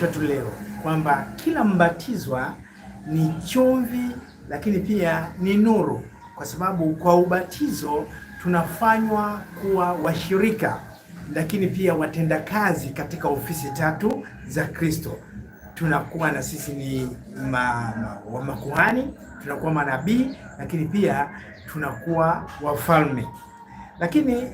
mafundisho yetu leo kwamba kila mbatizwa ni chumvi, lakini pia ni nuru, kwa sababu kwa ubatizo tunafanywa kuwa washirika, lakini pia watendakazi katika ofisi tatu za Kristo. Tunakuwa na sisi ni ma, ma, makuhani, tunakuwa manabii, lakini pia tunakuwa wafalme. Lakini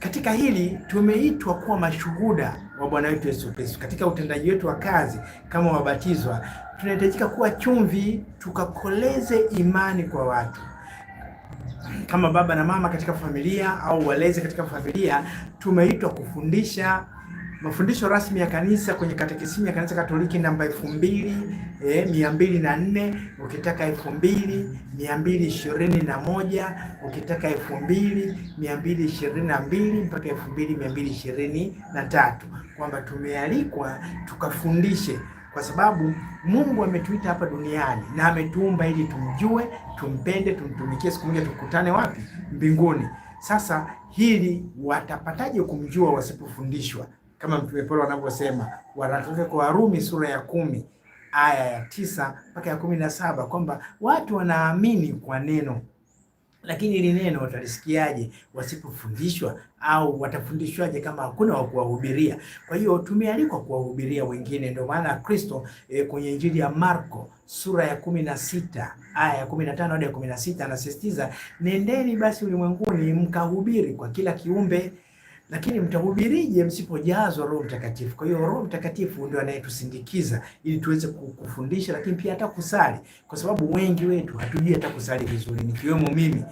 katika hili tumeitwa kuwa mashuhuda wa Bwana wetu Yesu Kristo. Katika utendaji wetu wa kazi kama wabatizwa, tunahitajika kuwa chumvi, tukakoleze imani kwa watu kama baba na mama katika familia au walezi katika familia, tumeitwa kufundisha Mafundisho rasmi ya kanisa kwenye katekisimu ya kanisa Katoliki namba elfu mbili eh, mia mbili na nne ukitaka elfu mbili mia mbili ishirini na moja ukitaka elfu mbili mia mbili ishirini na mbili mpaka elfu mbili mia mbili ishirini na tatu kwamba tumealikwa tukafundishe kwa sababu Mungu ametuita hapa duniani na ametuumba ili tumjue, tumpende, tumtumikie, siku moja tukutane wapi? Mbinguni. Sasa hili watapataje kumjua wasipofundishwa? kama Mtume Paulo anavyosema waraka kwa Warumi sura ya kumi aya ya tisa mpaka ya kumi na saba kwamba watu wanaamini kwa neno, lakini hili neno watalisikiaje wasipofundishwa? Au watafundishwaje kama hakuna wa kuwahubiria? Kwa hiyo tumealikwa kuwahubiria wengine. Ndio maana Kristo e, kwenye Injili ya Marko sura ya kumi na sita aya ya kumi na tano hadi ya kumi na sita anasisitiza nendeni basi ulimwenguni mkahubiri kwa kila kiumbe lakini mtahubirije msipojazwa Roho Mtakatifu? Kwa hiyo Roho Mtakatifu ndio anayetusindikiza ili tuweze kufundisha, lakini pia hata kusali, kwa sababu wengi wetu hatujui hata kusali vizuri, nikiwemo mimi.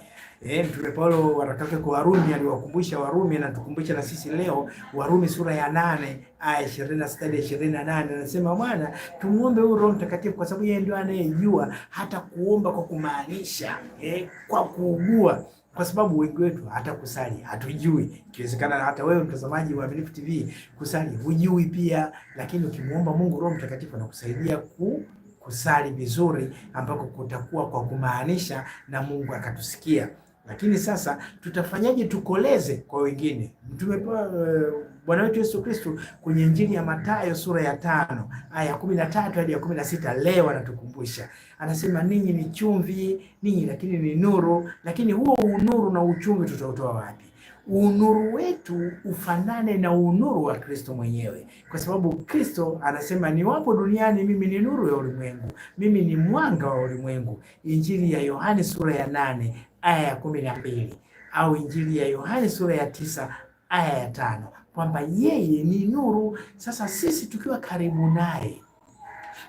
Eh, Mtume Paulo warakake kwa Warumi aliwakumbusha Warumi, na tukumbusha na sisi leo, Warumi sura ya nane aya 26 hadi 28 anasema bwana, tumuombe huyo Roho Mtakatifu kwa sababu yeye ndio anayejua hata kuomba kwa kumaanisha, eh, kwa kuugua kwa sababu wengi wetu hata kusali hatujui. Ikiwezekana hata wewe mtazamaji wa Aminifu TV kusali hujui pia, lakini ukimuomba Mungu Roho Mtakatifu anakusaidia ku kusali vizuri, ambako kutakuwa kwa kumaanisha na Mungu akatusikia. Lakini sasa tutafanyaje tukoleze kwa wengine? Mtume eh, Bwana wetu Yesu Kristo kwenye Injili ya Mathayo sura ya tano aya ya kumi na tatu hadi ya kumi na sita leo anatukumbusha, anasema ninyi ni chumvi ninyi, lakini ni nuru, lakini huo unuru na uchumvi tutautoa wapi? Unuru wetu ufanane na unuru wa Kristo mwenyewe, kwa sababu Kristo anasema ni wapo duniani mimi ni nuru ya ulimwengu, mimi ni mwanga wa ulimwengu. Injili ya Yohane sura ya nane aya ya kumi na mbili au Injili ya Yohane sura ya tisa aya ya tano kwamba yeye ni nuru. Sasa sisi tukiwa karibu naye,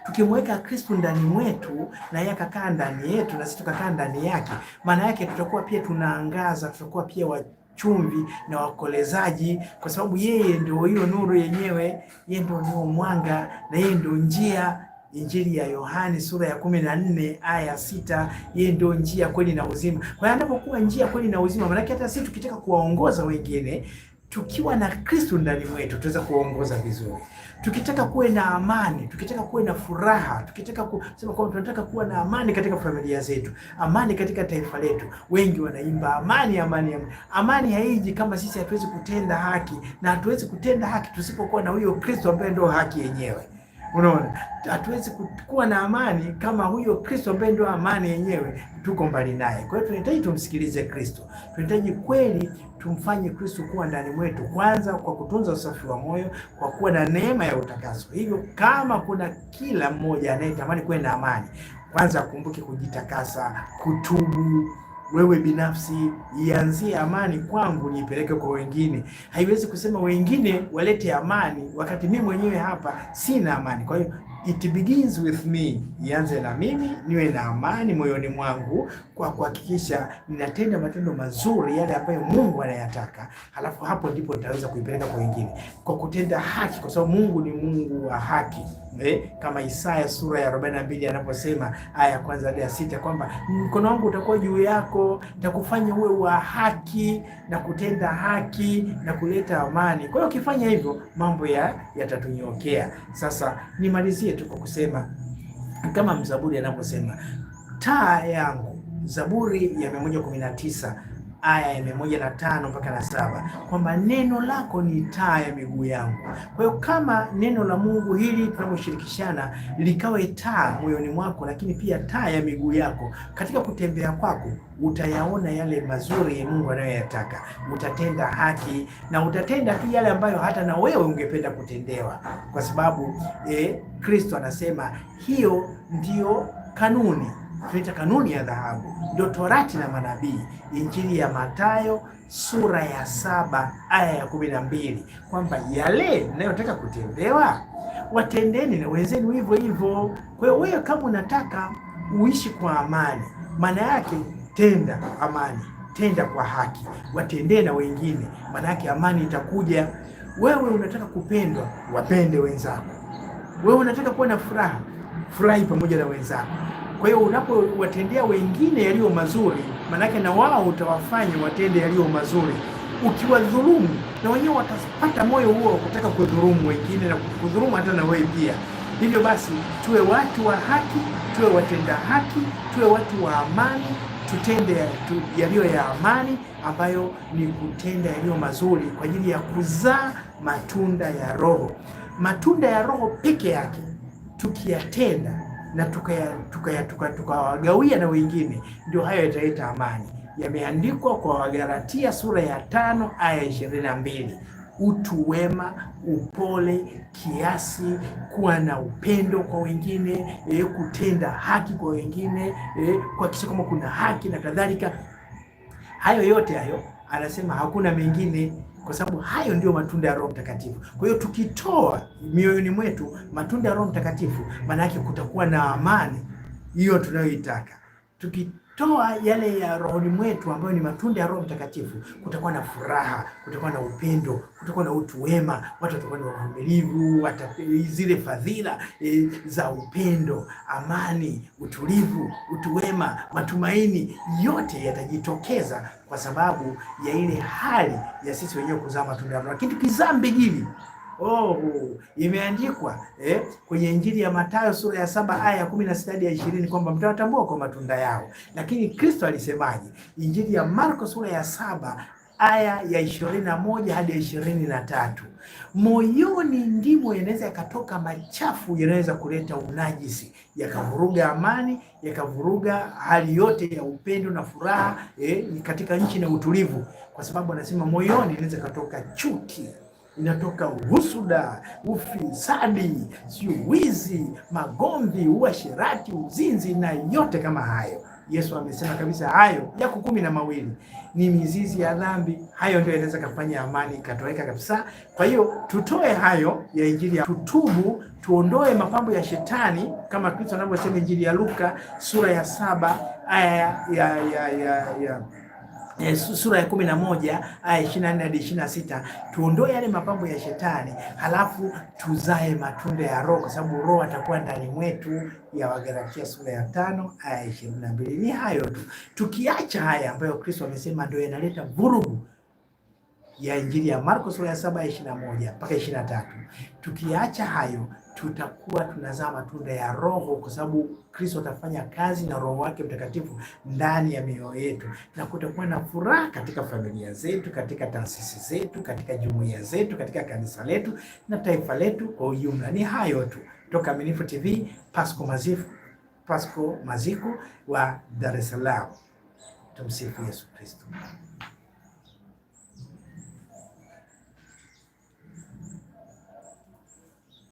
tukimweka Kristo ndani mwetu na yeye akakaa ndani yetu na sisi tukakaa ndani yake, maana yake tutakuwa pia tunaangaza, tutakuwa pia wachumvi na wakolezaji, kwa sababu yeye ndio hiyo nuru yenyewe, yeye ndio ndio mwanga na yeye ndio njia. Injili ya Yohani sura ya kumi na nne aya sita. Yeye ndio njia, kweli na uzima. Kwa hiyo anapokuwa njia, kweli na uzima, maanake hata sisi tukitaka kuwaongoza wengine tukiwa na Kristo ndani mwetu tuweza kuongoza vizuri. Tukitaka kuwe na amani, tukitaka kuwe na furaha, tukitaka kusema kwamba tunataka kuwa na amani katika familia zetu, amani katika taifa letu. Wengi wanaimba amani, amani, amani. Amani haiji kama sisi hatuwezi kutenda haki, na hatuwezi kutenda haki tusipokuwa na huyo Kristo ambaye ndio haki yenyewe. Unaona, hatuwezi kuwa na amani kama huyo Kristo ambaye ndio amani yenyewe tuko mbali naye. Kwa hiyo tunahitaji tumsikilize Kristo, tunahitaji kweli tumfanye Kristo kuwa ndani mwetu, kwanza kwa kutunza usafi wa moyo, kwa kuwa na neema ya utakaso. Hivyo kama kuna kila mmoja anayetamani kwenda amani, kwanza akumbuke kujitakasa, kutubu wewe binafsi, ianzie amani kwangu niipeleke kwa wengine. Haiwezi kusema wengine walete amani wakati mimi mwenyewe hapa sina amani. Kwa hiyo It begins with me, ianze na mimi, niwe na amani moyoni mwangu kwa kuhakikisha ninatenda matendo mazuri yale ambayo Mungu anayataka, halafu hapo ndipo nitaweza kuipeleka kwa wengine kwa kutenda haki, kwa sababu Mungu ni Mungu wa haki eh, kama Isaya sura ya 42 anaposema aya ya kwanza hadi ya sita kwamba mkono wangu utakuwa juu yako, nitakufanya uwe wa haki na kutenda haki na kuleta amani. Kwa hiyo ukifanya hivyo mambo ya yatatunyokea. Sasa nimalizie Nimalizie tu kwa kusema kama mzaburi anavyosema, taa yangu, Zaburi ya mia moja kumi na tisa aya ya mia moja na tano mpaka na saba kwamba neno lako ni taa ya miguu yangu. Kwa hiyo kama neno la Mungu hili tunaposhirikishana likawe taa moyoni mwako, lakini pia taa ya miguu yako, katika kutembea kwako utayaona yale mazuri ya Mungu anayoyataka, utatenda haki na utatenda pia yale ambayo hata na wewe ungependa kutendewa, kwa sababu eh, Kristo anasema hiyo ndiyo kanuni tunaita kanuni ya dhahabu, ndio torati na manabii, Injili ya Mathayo sura ya saba aya ya kumi na mbili kwamba yale mnayotaka kutendewa watendeni na wenzenu hivyo hivyo. Kwa hiyo wewe kama unataka uishi kwa amani, maana yake tenda amani, tenda kwa haki, watendee na wengine, maana yake amani itakuja. Wewe unataka kupendwa, wapende wenzako. Wewe unataka kuwa na furaha, furahi pamoja na wenzako. Kwa hiyo unapowatendea wengine yaliyo mazuri, maanake na wao utawafanya watende yaliyo mazuri. Ukiwadhulumu na wenyewe watapata moyo huo wa kutaka kudhulumu wengine na kudhulumu hata na wewe pia. Hivyo basi, tuwe watu wa haki, tuwe watenda haki, tuwe watu wa amani, tutende yaliyo ya amani, ambayo ni kutenda yaliyo mazuri kwa ajili ya kuzaa matunda ya Roho. Matunda ya Roho peke yake tukiyatenda na tukawagawia tuka, tuka, tuka na wengine, ndio hayo yataleta amani. Yameandikwa kwa Wagalatia sura ya tano aya ishirini na mbili utu wema, upole, kiasi, kuwa na upendo kwa wengine e, kutenda haki kwa wengine e, kuhakikisha kwamba kuna haki na kadhalika. Hayo yote hayo anasema hakuna mengine kwa sababu hayo ndiyo matunda ya Roho Mtakatifu. Kwa hiyo tukitoa mioyoni mwetu matunda ya Roho Mtakatifu, maana yake kutakuwa na amani hiyo tunayoitaka tuki tukitoa yale ya rohoni mwetu ambayo ni matunda ya Roho Mtakatifu, kutakuwa na furaha, kutakuwa na upendo, kutakuwa na utu wema, watu watakuwa ni wavumilivu, zile fadhila e, za upendo, amani, utulivu, utu wema, matumaini, yote yatajitokeza kwa sababu ya ile hali ya sisi wenyewe kuzaa matunda ya Roho, lakini tukizaa mbegini Oh, imeandikwa eh, kwenye Injili ya Mathayo sura ya saba aya ya kumi na sita hadi ya ishirini kwamba mtawatambua kwa matunda yao. Lakini Kristo alisemaje? Injili ya Marko sura ya saba aya ya ishirini na moja hadi ya ishirini na tatu moyoni ndimo yanaweza yakatoka machafu yanaweza kuleta unajisi, yakavuruga amani, yakavuruga hali yote ya upendo na furaha eh, katika nchi na utulivu, kwa sababu anasema moyoni inaweza ikatoka chuki inatoka husuda, ufisadi, sio wizi, magomvi, uasherati, uzinzi na yote kama hayo. Yesu amesema kabisa hayo yako kumi na mawili ni mizizi ya dhambi. Hayo ndio inaweza kafanya amani ikatoweka kabisa. Kwa hiyo tutoe hayo ya injili ya tutubu, tuondoe mapambo ya shetani kama Kristo anavyosema injili ya Luka sura ya saba aya ya, ya, ya, ya, ya Eh, sura ya kumi na moja aya ishirini na nne hadi ishirini na sita tuondoe yale mapambo ya shetani, halafu tuzae matunda ya Roho, kwa sababu Roho atakuwa ndani mwetu, ya Wagalatia sura ya tano aya ishirini na mbili Ni hayo tu, tukiacha haya ambayo Kristo amesema ndio yanaleta vurugu ya Injili ya Marko sura ya saba aya ishirini na moja mpaka ishirini na tatu tukiacha hayo tutakuwa tunazaa matunda ya Roho kwa sababu Kristo atafanya kazi na Roho wake Mtakatifu ndani ya mioyo yetu, na kutakuwa na furaha katika familia zetu, katika taasisi zetu, katika jumuiya zetu, katika kanisa letu na taifa letu kwa ujumla. Ni hayo tu toka Aminifu TV, Pasco Mazifu, Pasco Maziko wa Dar es Salaam. Tumsifu Yesu Kristo.